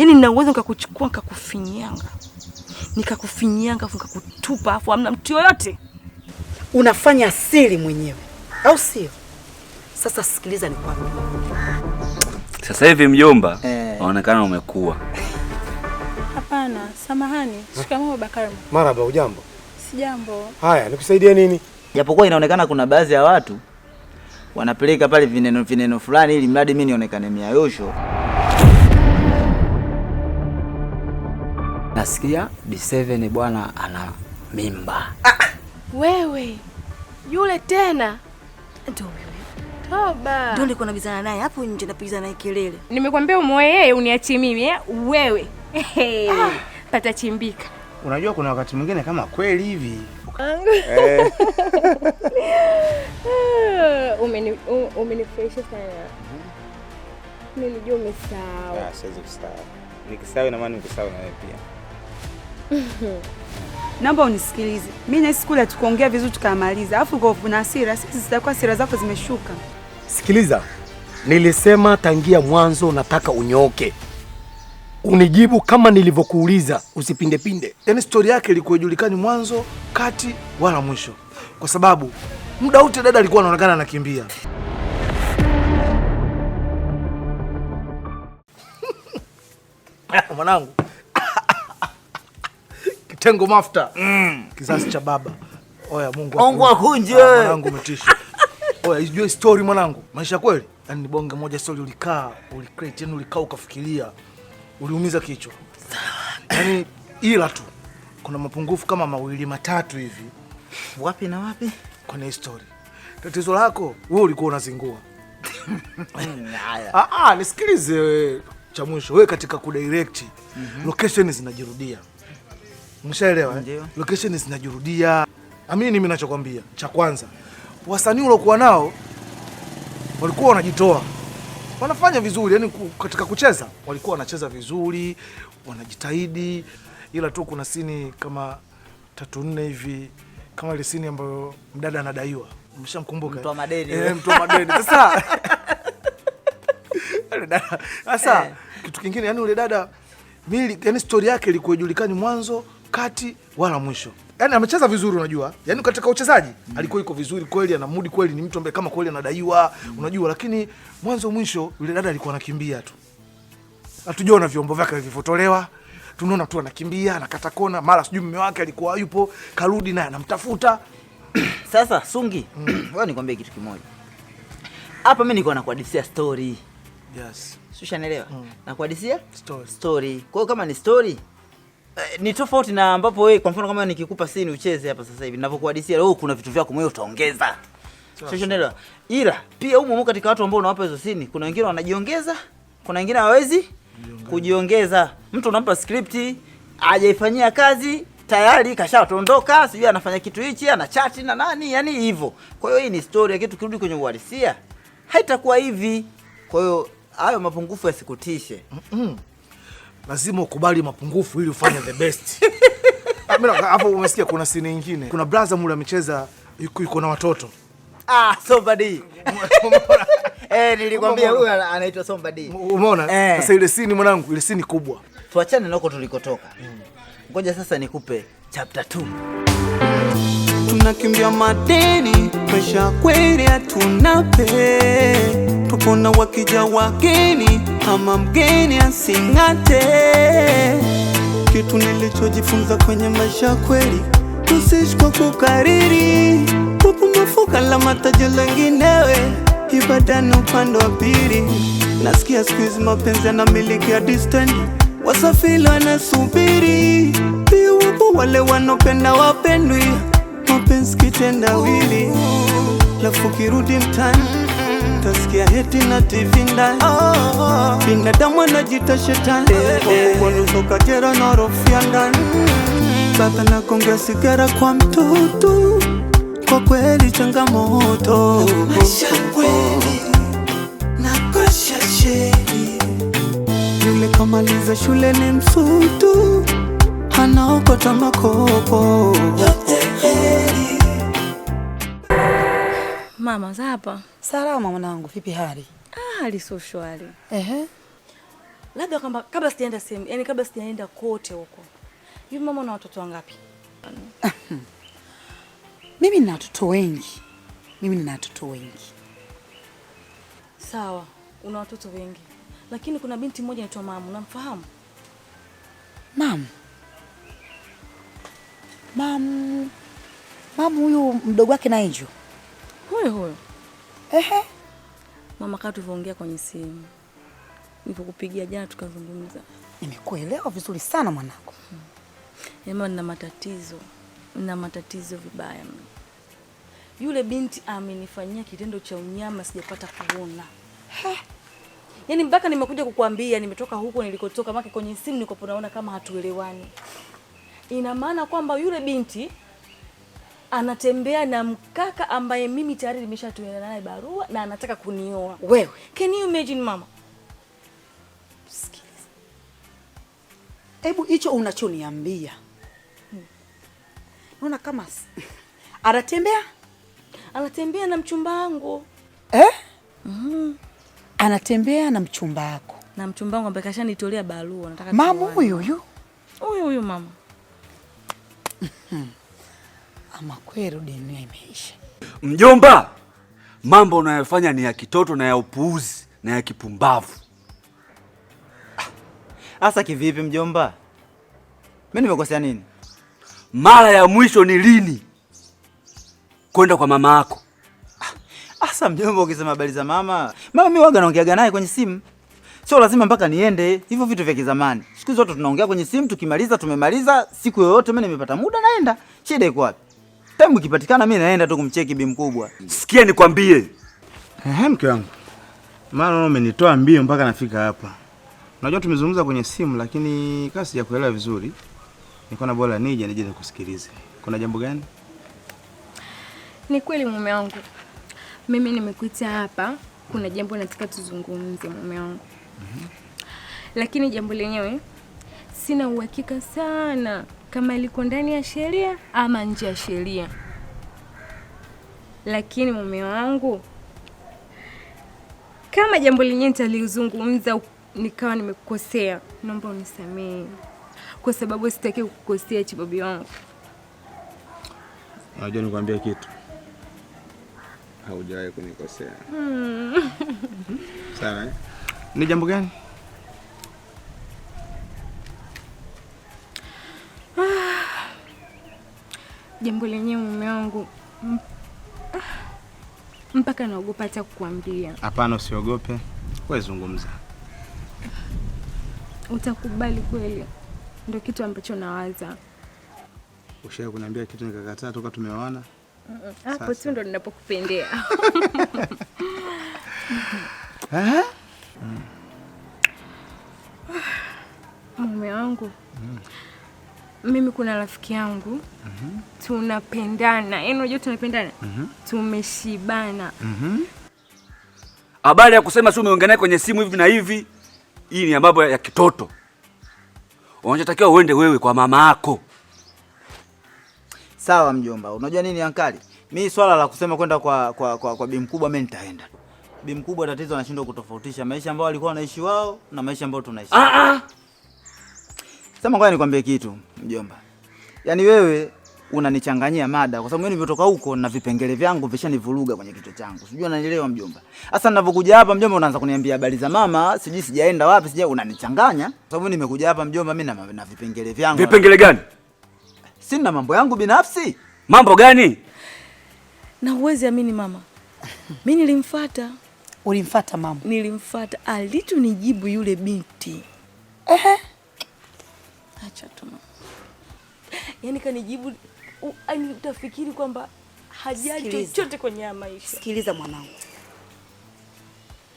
Yaani nina uwezo nikakuchukua nikakufinyanga, nikakufinyanga afu nikakutupa, afu hamna mtu yoyote. Unafanya asili mwenyewe, au sio? Sasa sikiliza, ni kwambie sasa hivi mjomba eh. unaonekana eh, umekuwa hapana. Samahani. Shikamoo Bakari. Marhaba. Ujambo? Sijambo. Haya, nikusaidie nini? Japokuwa inaonekana kuna baadhi ya watu wanapeleka pale vineno vineno fulani ili mradi mimi nionekane miayosho Nasikia D7 bwana ana mimba. Ah, wewe yule tena ndio wewe. Toba. Ndio nilikuwa nabizana naye hapo nje napigizana naye kelele. Nimekwambia umoe yeye uniachi mimi eh wewe. Hey. Ah. Pata chimbika. Unajua kuna wakati mwingine kama kweli hivi eh. umenifurahisha sana. Mhm. Nilijua umesahau. Ah, siwezi kusahau. Nikisahau ina maana nikusahau na wewe pia. Naomba unisikilize. Mimi na siku ile vizuri tukamaliza. Alafu uko una hasira, sisi zitakuwa hasira zako zimeshuka. Sikiliza. Nilisema tangia mwanzo nataka unyoke Unijibu kama nilivyokuuliza, usipinde pinde. Yaani stori yake ilikuwa ijulikani mwanzo, kati wala mwisho. Kwa sababu muda wote dada alikuwa anaonekana anakimbia. Ah, mwanangu kitengo mafuta mm. Kizazi cha baba. Oya, Mungu akunje ah, eh. mwanangu, umetisha. Oya, ijue story mwanangu, maisha kweli yani bonge moja story. Ulikaa ulicreate, yani ulikaa ukafikiria, uliumiza kichwa yani, ila tu kuna mapungufu kama mawili matatu hivi. Wapi na wapi kwenye story? Tatizo lako wewe ulikuwa unazingua. Ah, ah, nisikilize cha mwisho, wewe katika kudirect mm -hmm. location zinajirudia Mshaelewa eh? Location zinajirudia. Amini mimi ninachokwambia, cha kwanza wasanii uliokuwa nao walikuwa wanajitoa, wanafanya vizuri, yani katika kucheza walikuwa wanacheza vizuri, wanajitahidi, ila tu kuna sini kama tatu nne hivi, kama ile sini ambayo mdada anadaiwa, mshamkumbuka mtu wa madeni, eh, mtu wa madeni sasa sasa eh. kitu kingine, yani ule dada mimi, yani story yake ilikuwa ijulikani mwanzo kati wala mwisho. Yani amecheza vizuri unajua. yani katika uchezaji mm. alikuwa iko vizuri kweli, ana mudi kweli, ni mtu ambaye kama kweli anadaiwa mm. unajua, lakini mwanzo mwisho yule dada alikuwa anakimbia tu. Hatujaona vyombo vyake vilivyotolewa. Tunaona tu anakimbia, anakata kona, mara sijui mume wake alikuwa yupo, karudi naye anamtafuta. Sasa Sungi, mm. wewe nikwambie kitu kimoja. Hapa mi nikuwa nakuhadithia story. Yes. sushanelewa Mm. Nakuhadithia story. Story. Kwa hiyo kama ni story Eh, ni tofauti na ambapo wewe kwa mfano kama nikikupa sini ucheze hapa sasa hivi ninavyokuhadisia leo, kuna vitu vyako mwe utaongeza. Sio ndio? ila pia humo humo katika watu ambao unawapa hizo sini, kuna wengine wanajiongeza, kuna wengine hawawezi kujiongeza. Mtu unampa script hajaifanyia kazi tayari kashatondoka, sijui anafanya kitu hichi, ana chat na nani, yani hivyo. Kwa hiyo hii ni story, ya kitu kirudi kwenye uhalisia haitakuwa hivi. Kwa hiyo hayo mapungufu yasikutishe. Mm -mm lazima ukubali mapungufu ili ufanye the best. Ah, hapo umesikia, kuna sini nyingine, kuna brother mule amecheza, yuko yuko na watoto ah, somebody Eh, nilikwambia huyu anaitwa somebody. Umeona? Eh. Sasa ile sini mwanangu, ile sini kubwa. Tuachane na huko tulikotoka. Ngoja sasa nikupe chapter 2. Tunakimbia madeni, maisha kweli hatunape. Tupo na wakija wageni kama mgeni asing'ate. Kitu nilichojifunza kwenye maisha kweli, tusiishi kwa kukariri, upumafu la mataji lenginewe, ibada ni upande wa pili. Nasikia siku hizi mapenzi miliki ya distance, wasafiri wanasubiri, pia wapo wale wanopenda wapendwi, mapenzi kitendawili, lafu kirudi mtani utasikia heti na TV ndani. oh, oh. anajita shetani eh, eh. walusoka jera na rofia ndani baba na konga sigara kwa mtoto, kwa kweli changamoto yule kamaliza shule ni msutu, anaokota makopo. Mama za hapa Salama mwanangu, vipi hali? Ah, hali sio shwari. Ehe. Labda kwamba kabla sijaenda sehemu, yani kabla sijaenda kote huko. Yule mama na watoto wangapi? Mimi nina watoto wengi. Mimi nina watoto wengi. Sawa, una watoto wengi. Lakini kuna binti mmoja anaitwa Mamu, unamfahamu? Mamu. Mamu. Mamu huyu mdogo wake na Angel. Huyo huyo. Ehe. Mama kaa tulivyoongea kwenye simu. Nilipokupigia jana tukazungumza. Nimekuelewa vizuri sana mwanangu. Hmm. Ema, nina matatizo. Nina matatizo vibaya mimi. Yule binti amenifanyia kitendo cha unyama sijapata kuona. He. Yaani mpaka nimekuja kukuambia nimetoka huko nilikotoka maki kwenye simu niko naona kama hatuelewani. Ina maana kwamba yule binti anatembea na mkaka ambaye mimi tayari nimeshatumia naye barua na anataka kunioa wewe. Can you imagine mama? hebu hicho unachoniambia hmm. kama anatembea anatembea na mchumba wangu eh? mm. Anatembea na mchumba wako na mchumba wangu ambaye kashanitolea barua. Nataka mama huyu huyu huyu huyu mama mm-hmm. Ama kweli dunia imeisha. Mjomba, mambo unayofanya ni ya kitoto na ya upuuzi na ya kipumbavu. Ah, Asa kivipi mjomba? Mimi nimekosea nini? Mara ya mwisho ni lini kwenda kwa mama yako? Ah, Asa mjomba, ukisema habari za mama, mama mimi waga naongeaga naye kwenye simu, sio lazima mpaka niende. Hivyo vitu vya kizamani, siku zote tunaongea kwenye simu, tukimaliza tumemaliza. Siku yoyote mimi nimepata muda naenda, shida iko wapi? time kipatikana, mimi naenda tu kumcheki bi mkubwa. Sikia nikwambie. Ehe, mke wangu. Maana umenitoa mbio mpaka nafika hapa. Unajua tumezungumza kwenye simu lakini kasi ya kuelewa vizuri. na bora nije nije nikusikilize. Kuna jambo gani? Ni kweli mume wangu. Mimi nimekuita hapa, kuna jambo nataka tuzungumze mume wangu. Mm -hmm. Lakini jambo lenyewe sina uhakika sana kama liko ndani ya sheria ama nje ya sheria. Lakini mume wangu, kama jambo lenyewe nitalizungumza nikawa nimekukosea, naomba unisamehe, kwa sababu sitaki kukukosea chibabu wangu. Unajua, nikwambia kitu, haujawahi kunikosea hmm. Sana eh? ni jambo gani? jambo lenyewe mume wangu mpaka naogopa hata kukuambia. Hapana, usiogope, wewe zungumza. Utakubali kweli? Ndio kitu ambacho nawaza. Ushawahi kuniambia kitu nikakataa toka tumeoana? Hapo tu ndo ninapokupendea. Eh? Mume wangu mm mimi kuna rafiki yangu mm -hmm. tunapendana, yani unajua tunapendana mm -hmm. tumeshibana mhm. habari mm -hmm. ya kusema si umeongea kwenye simu hivi na hivi. Hii ni mambo ya kitoto. Unachotakiwa uende wewe kwa mama yako. Sawa mjomba, unajua nini ankali, mi swala la kusema kwenda kwa, kwa, kwa, kwa bi mkubwa mimi nitaenda. Bi tatizo anashindwa kutofautisha maisha ambayo alikuwa wanaishi wao na maisha ambayo tunaishi. Ah ah. Sema ngoja nikwambie kitu mjomba, yaani wewe unanichanganyia mada, kwa sababu mimi nimetoka huko na vipengele vyangu vishanivuruga kwenye kichwa changu, sijui unanielewa mjomba. Sasa ninapokuja hapa mjomba, unaanza kuniambia habari za mama, sijui sijaenda wapi, sijui unanichanganya kwa sababu nimekuja hapa mjomba, mimi na vipengele vyangu. Vipengele gani? Sina mambo yangu binafsi. Mambo gani? Na uwezi amini mama, mimi nilimfuata. Ulimfuata mama? Nilimfuata, alitunijibu yule binti ehe acha tu. Yaani kanijibu yaani utafikiri kwamba hajali chochote kwenye maisha. Sikiliza mwanangu,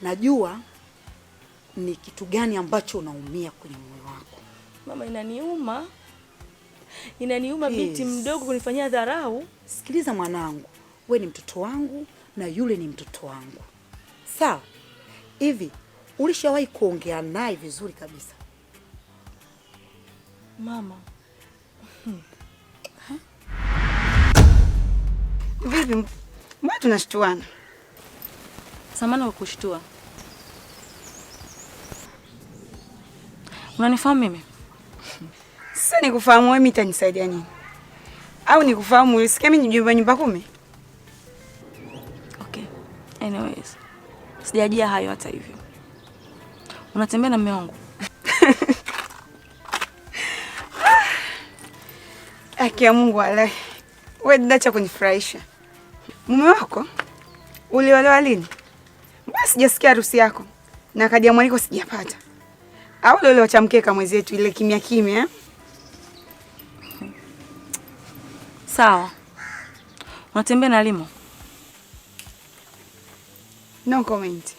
najua ni kitu gani ambacho unaumia kwenye moyo wako. Mama, inaniuma inaniuma binti mdogo kunifanyia dharau. Sikiliza mwanangu, we ni mtoto wangu na yule ni mtoto wangu, sawa? Hivi ulishawahi kuongea naye vizuri kabisa Mama hmm. vipi, mbona tunashtuana? Samana wakushtua, unanifahamu mimi? Sasa nikufahamu wewe, mitanisaidia nini? Au nikufahamu wewe? Sikia mimi nyumba nyumba kumi. Okay. Anyways. Sijajia hayo hata hivyo. Unatembea na mume wangu? Haki ya Mungu walai. Wewe dada kunifurahisha. Mume wako uliolewa lini? Mbona sijasikia harusi yako? Na kadi ya mwaliko sijapata. Au leo leo mwezi wetu ile kimya kimya. Eh? Sawa. Unatembea na Limo? No comment.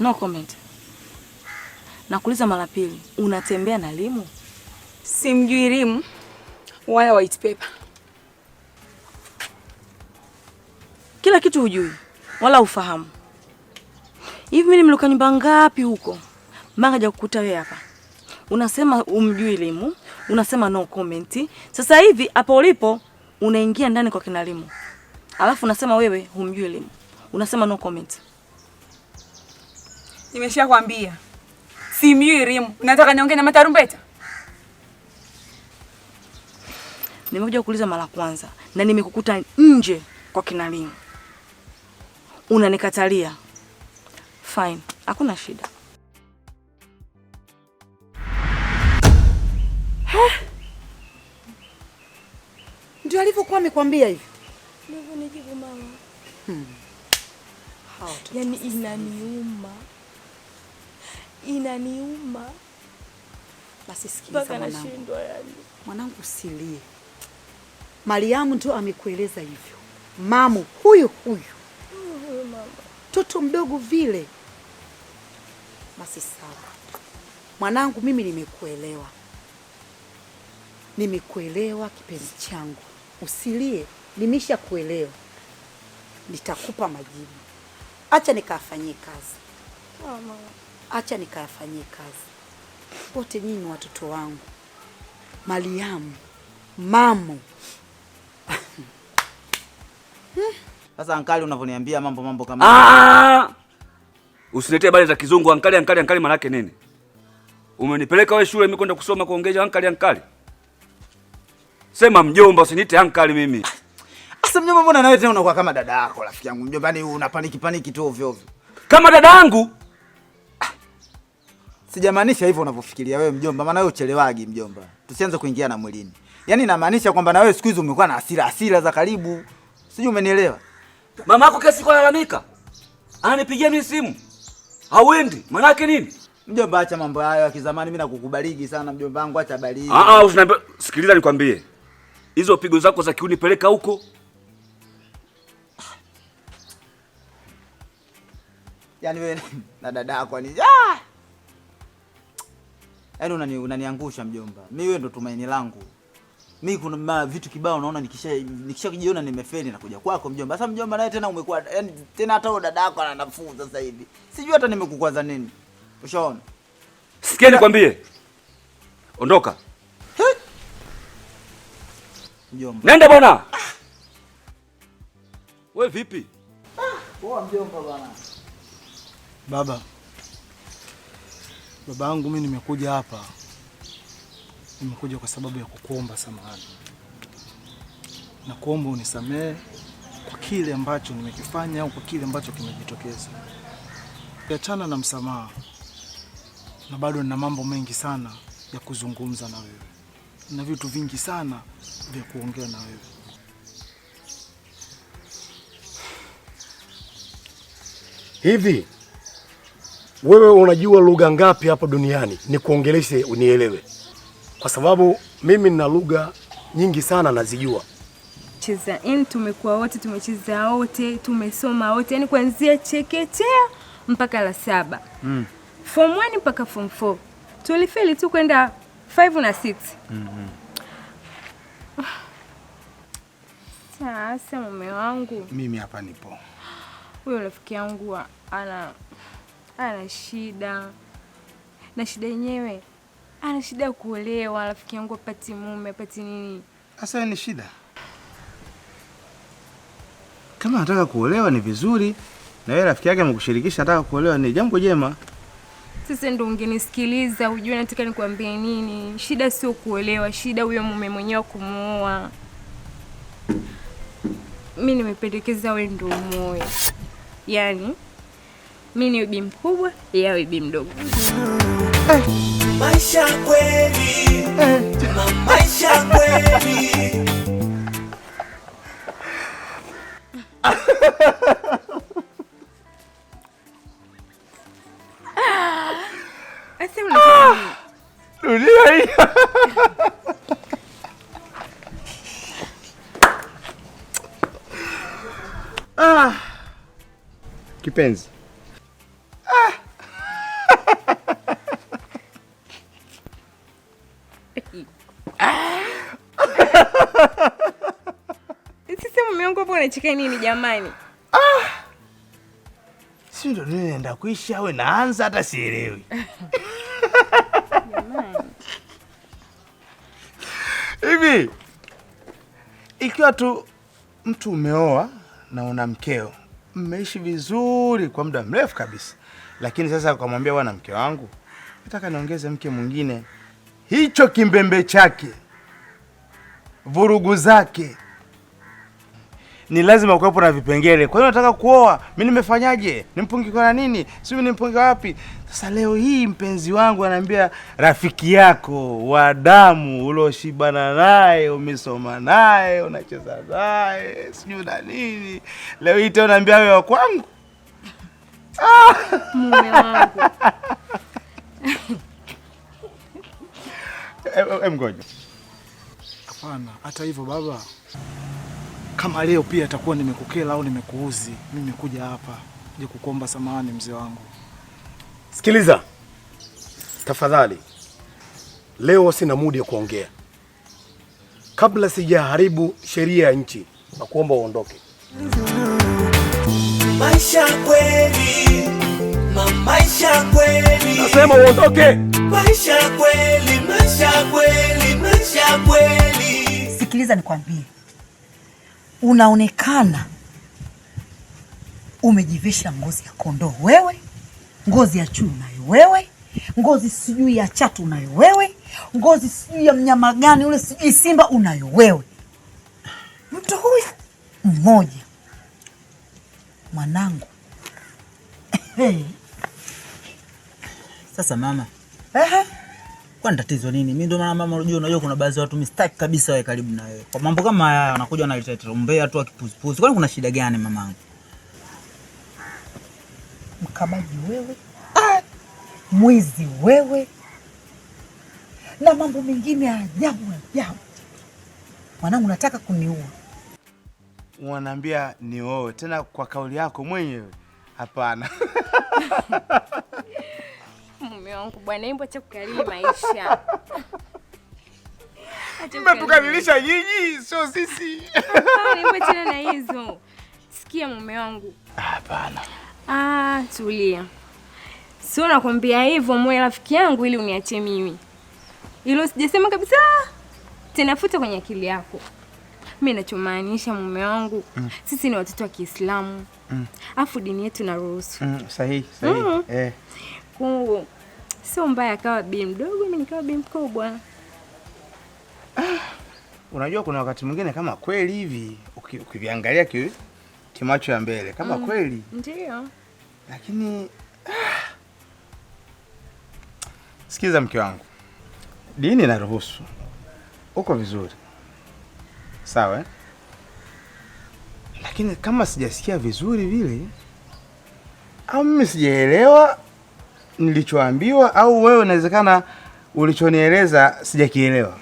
No comment. Nakuuliza mara pili, unatembea na Limu? Simjui Limu wala white paper. Kila kitu hujui wala ufahamu. Hivi mimi nimeluka nyumba ngapi huko mpaka ja kukuta wewe hapa? Unasema umjui Limu, unasema no comment. Sasa hivi hapo ulipo unaingia ndani kwa kina Limu, alafu unasema wewe humjui Limu, unasema no comment. Nimeshakwambia. Simirimu, nataka niongee na matarumbeta. Nimekuja kuuliza mara kwanza na nimekukuta nje kwa kinalimu, unanikatalia. Fine, hakuna shida. Ndio alivyokuwa amekwambia hivi Hmm. Yaani inaniuma inaniuma basi. Sikiliza mwanangu, Mwanangu usilie, Mariamu ndo amekueleza hivyo, mamu huyu huyu mtoto mdogo vile. Basi sawa mwanangu, mimi nimekuelewa, nimekuelewa kipenzi changu, usilie, nimesha kuelewa, nitakupa majibu. Acha nikafanyie kazi mama acha nikayafanyie kazi. Wote nyinyi ni watoto wangu, Mariamu, mamu Sasa ankali, unavyoniambia mambo mambo kama ah! Usiletee bali za kizungu ankali, ankali, ankali, maana yake nini? Umenipeleka wewe shule mimi kwenda kusoma kuongeza ankali, ankali. Sema mjomba, usiniite ankali mimi. Sasa mjomba, mbona nawe tena unakuwa kama dada yako rafiki yangu mjomba, yani unapaniki paniki tu ovyo ovyo. Kama dada yangu? Sijamaanisha hivyo unavyofikiria wewe mjomba, maana wewe uchelewagi mjomba. Tusianze kuingia na mwilini. Yaani namaanisha kwamba na wewe siku hizi umekuwa na hasira hasira za karibu. Sijui umenielewa. Mama yako kesi kwa lalamika. Ananipigia mimi simu. Hawendi. Maana yake nini? Mjomba, acha mambo hayo ya kizamani, mimi nakukubaliki sana mjomba wangu, acha baridi. Ah ah, usinambia, Sikiliza nikwambie. Hizo pigo zako za kiuni peleka huko. Yaani wewe na dada yako ni ah! yaani unani, unaniangusha mjomba. Mi wewe ndo tumaini langu. Mi kuna ma, vitu kibao naona nikisha kujiona nimefeli na kuja kwako mjomba. Sasa mjomba naye tena umekuwa yani tena hata wewe dada yako ananafuu sasa hivi. Sijui hata nimekukwaza nini. Ushaona? Sikia nikwambie. Ondoka. Mjomba. Nenda bwana. Ah. Wewe vipi? Ah, poa mjomba bwana. Baba. Baba yangu, mimi nimekuja hapa, nimekuja kwa sababu ya kukuomba samahani na kuomba unisamehe kwa kile ambacho nimekifanya au kwa kile ambacho kimejitokeza. Achana na msamaha, na bado nina mambo mengi sana ya kuzungumza na wewe na vitu vingi sana vya kuongea na wewe. Hivi wewe unajua lugha ngapi hapa duniani? Nikuongeleshe unielewe, kwa sababu mimi nina lugha nyingi sana nazijua. Cheza yani, tumekuwa wote tumecheza wote tumesoma wote, yani kuanzia chekechea mpaka la saba mm. form 1 mpaka form 4 tulifeli tu kwenda 5 na 6 mm -hmm. Sasa mume wangu mimi hapa nipo, huyo rafiki yangu ana ana shida na shida yenyewe, ana shida ya kuolewa. Rafiki yangu apati mume apati nini? Hasa ni shida. Kama anataka kuolewa ni vizuri, na yeye rafiki yake amekushirikisha anataka kuolewa, ni jambo jema. Sasa ndo ungenisikiliza ujue nataka nikwambie nini. Shida sio kuolewa, shida huyo mume mwenyewe kumuoa. Mi nimependekeza we ndo umoe, yaani mi ni bibi mkubwa, yeye awe mdogo. Eh. Maisha kweli, eh. maisha kweli. Ah! Ah. Kipenzi nacheka nini jamani? Ah! Si ndo nini naenda kuisha awe naanza hata sielewi. Hivi ikiwa tu mtu umeoa na una mkeo, mmeishi vizuri kwa muda mrefu kabisa, lakini sasa ukamwambia bwana, mke wangu nataka niongeze mke mwingine, hicho kimbembe chake, vurugu zake ni lazima kuwepo na vipengele. Kwa hiyo nataka kuoa mimi, nimefanyaje? Nimpungike na nini? Sijui nimpungike wapi? Sasa leo hii mpenzi wangu anaambia rafiki yako wa damu ulioshibana naye, umesoma naye, unacheza naye, sijui na nini, leo hii tena naambia wewe wa kwangu. Ah, mume wangu Mgoja. Hapana, hata hivyo baba kama leo pia atakuwa nimekukela au nimekuuzi, mimi nimekuja hapa je kukuomba samahani mzee wangu. Sikiliza tafadhali, leo sina muda ya kuongea. Kabla sijaharibu sheria ya nchi, na kuomba uondoke. Maisha kweli, maisha kweli, nasema uondoke. Maisha kweli, maisha kweli, maisha kweli. Sikiliza nikwambie unaonekana umejivisha ngozi ya kondoo wewe, ngozi ya chui nayo wewe, ngozi sijui ya chatu unayo wewe, ngozi sijui ya mnyama gani ule sijui simba unayo wewe. Mtu huyu mmoja mwanangu. Sasa mama, ehe. Kwani tatizo nini? Mimi ndo maana mama, unajua unajua kuna baadhi ya watu mistaki kabisa wae karibu na wewe. Kwa mambo kama haya wanakuja ileta tumbea tu akipuzipuzi. Kwani kuna shida gani mamangu? Mkabaji wewe. Ah! Mwizi wewe. Na mambo mengine ajabu ajabu. Mwanangu nataka kuniua. Unaniambia ni wewe tena kwa kauli yako mwenyewe. Hapana. mume wangu bwana, imbo acha kukalili maisha mmetukaririsha nyinyi, sio sisi. Imbo tena na hizo. Sikia mume wangu. Hapana. Ah, tulia. Sio nakwambia hivyo mwe rafiki yangu, ili uniache mimi. ilo sijasema kabisa, Tenafuta kwenye akili yako. Mimi nachomaanisha mume wangu, mm. sisi ni watoto wa Kiislamu mm. afu dini yetu naruhusu mm, sahihi sahihi mm. eh. Kuhu, sio mbaya, akawa bi mdogo, mimi nikawa bi mkubwa. Ah, unajua kuna wakati mwingine kama kweli hivi ukiviangalia ki kimacho ya mbele kama mm, kweli ndio, lakini ah. Sikiza mke wangu, dini inaruhusu, uko vizuri sawa, eh? lakini kama sijasikia vizuri vile au mimi sijaelewa nilichoambiwa au wewe inawezekana ulichonieleza sijakielewa.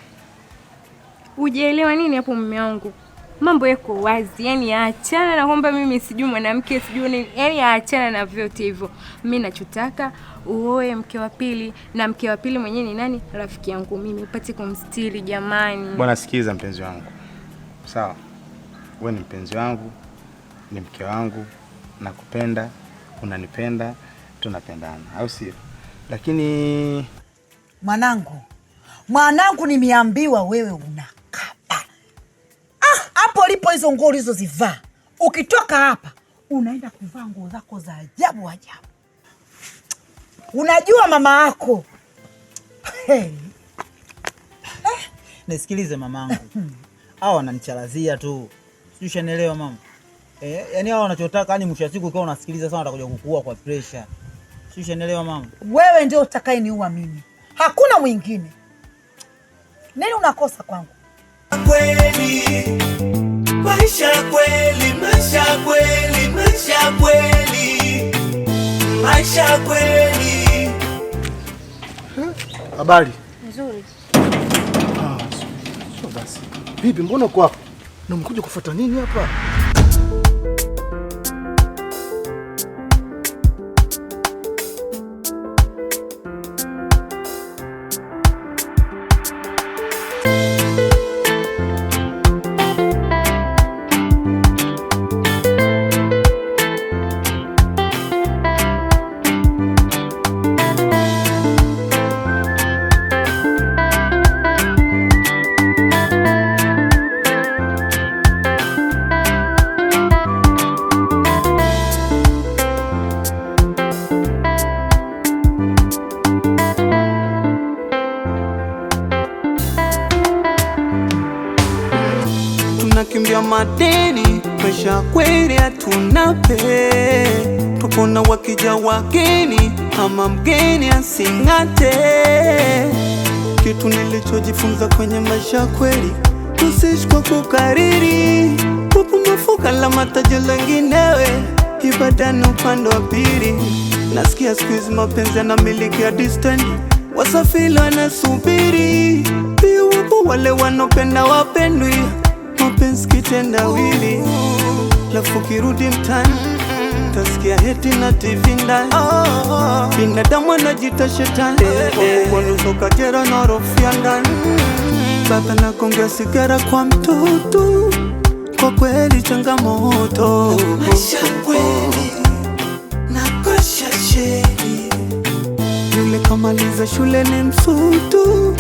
Ujaelewa nini hapo mume wangu? Mambo yako wazi, yani aachana na kwamba mimi sijui mwanamke sijui nini, yani aachana na vyote hivyo. Mimi nachotaka uoe mke wa pili, na mke wa pili mwenyewe ni nani? Rafiki yangu mimi, upate kumstiri. Jamani bwana, sikiza mpenzi wangu, sawa? Wewe ni mpenzi wangu, ni mke wangu, nakupenda, unanipenda tunapendana, au sio? Lakini mwanangu, mwanangu, nimeambiwa wewe unakapa ah, hapo. Ah, hizo nguo ulizozivaa, ukitoka hapa unaenda kuvaa nguo zako za ajabu ajabu. Unajua mama yako hey. Eh, nisikilize mamangu, hao wananichalazia tu, sijui shanielewa mama eh, yani hao wanachotaka, yani mwisho wa siku ukiwa unasikiliza sana watakuja kukuua kwa pressure. Sishanielewa mama. Wewe ndio utakayeniua mimi, hakuna mwingine. Nini unakosa kwangu? Kweli maisha kweli, maisha kweli, maisha kweli, maisha kweli. Hmm? Habari nzuri. Ah, so basi. Bibi, mbona uko hapa? Na umekuja kufuata nini hapa? kama mgeni asing'ate. Kitu nilichojifunza kwenye maisha kweli, tusiishi kwa kukariri. Upungufu kalama taji lenginewe, ibada ni upande wa pili. Nasikia siku hizi mapenzi miliki ya distance, wasafiri wanasubiri. Pia wapo wale wanopenda wapendwi, mapenzi kitendawili, lafu kirudi mtani utasikia heti na TV ndani. Binadamu anajiita shetani, wanusoka jera na rofia ndani. Baba na konga sigara kwa mtutu kwa kweli changamoto yule kamaliza shule ni msutu,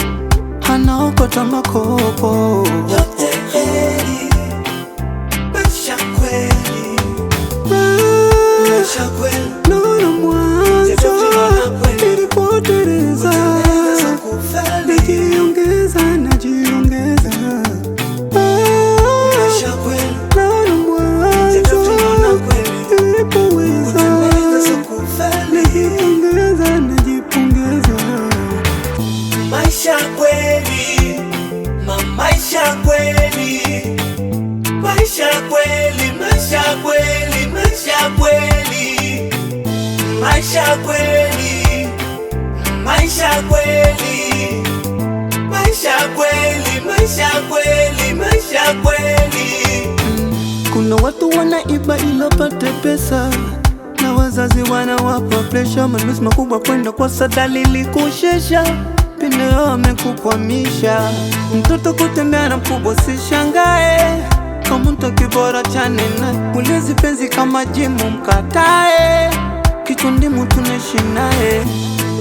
anaokota makopo yote heri hapa presha, manunuzi makubwa kwenda kwa sadali sadalili kushesha pineo amekukwamisha mtoto kutembea na mkubwa, si shangae, kama mtu kibora chanena mulezi penzi kama jimu mkatae kichundimu tuneshinae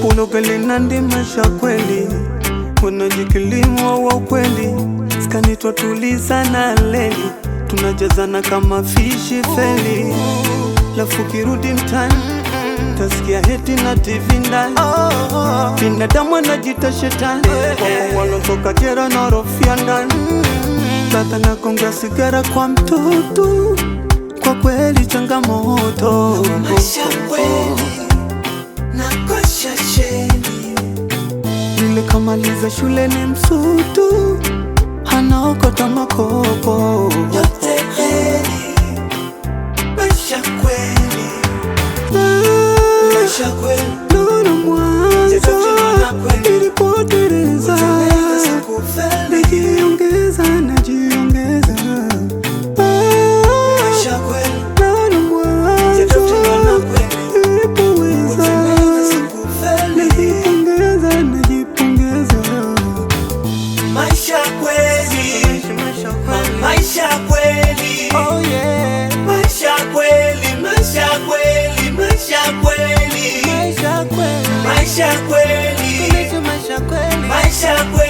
ulogeli na ndi ndimasha kweli wanajikilimu wa kweli skanitwa tulizana leli tunajazana kama fishi feli lafu kirudi mtani Tasikia heti na TV ndani, oh. binadamu anajiita shetani, oh, walotoka jera na rofia ndani. Mm. Tata nakonga sigara kwa mtoto, kwa kweli changamoto Kamaliza shule ni msutu, anaokota makopo yote kweli, maisha kweli naona mwanzo nilipoteleza se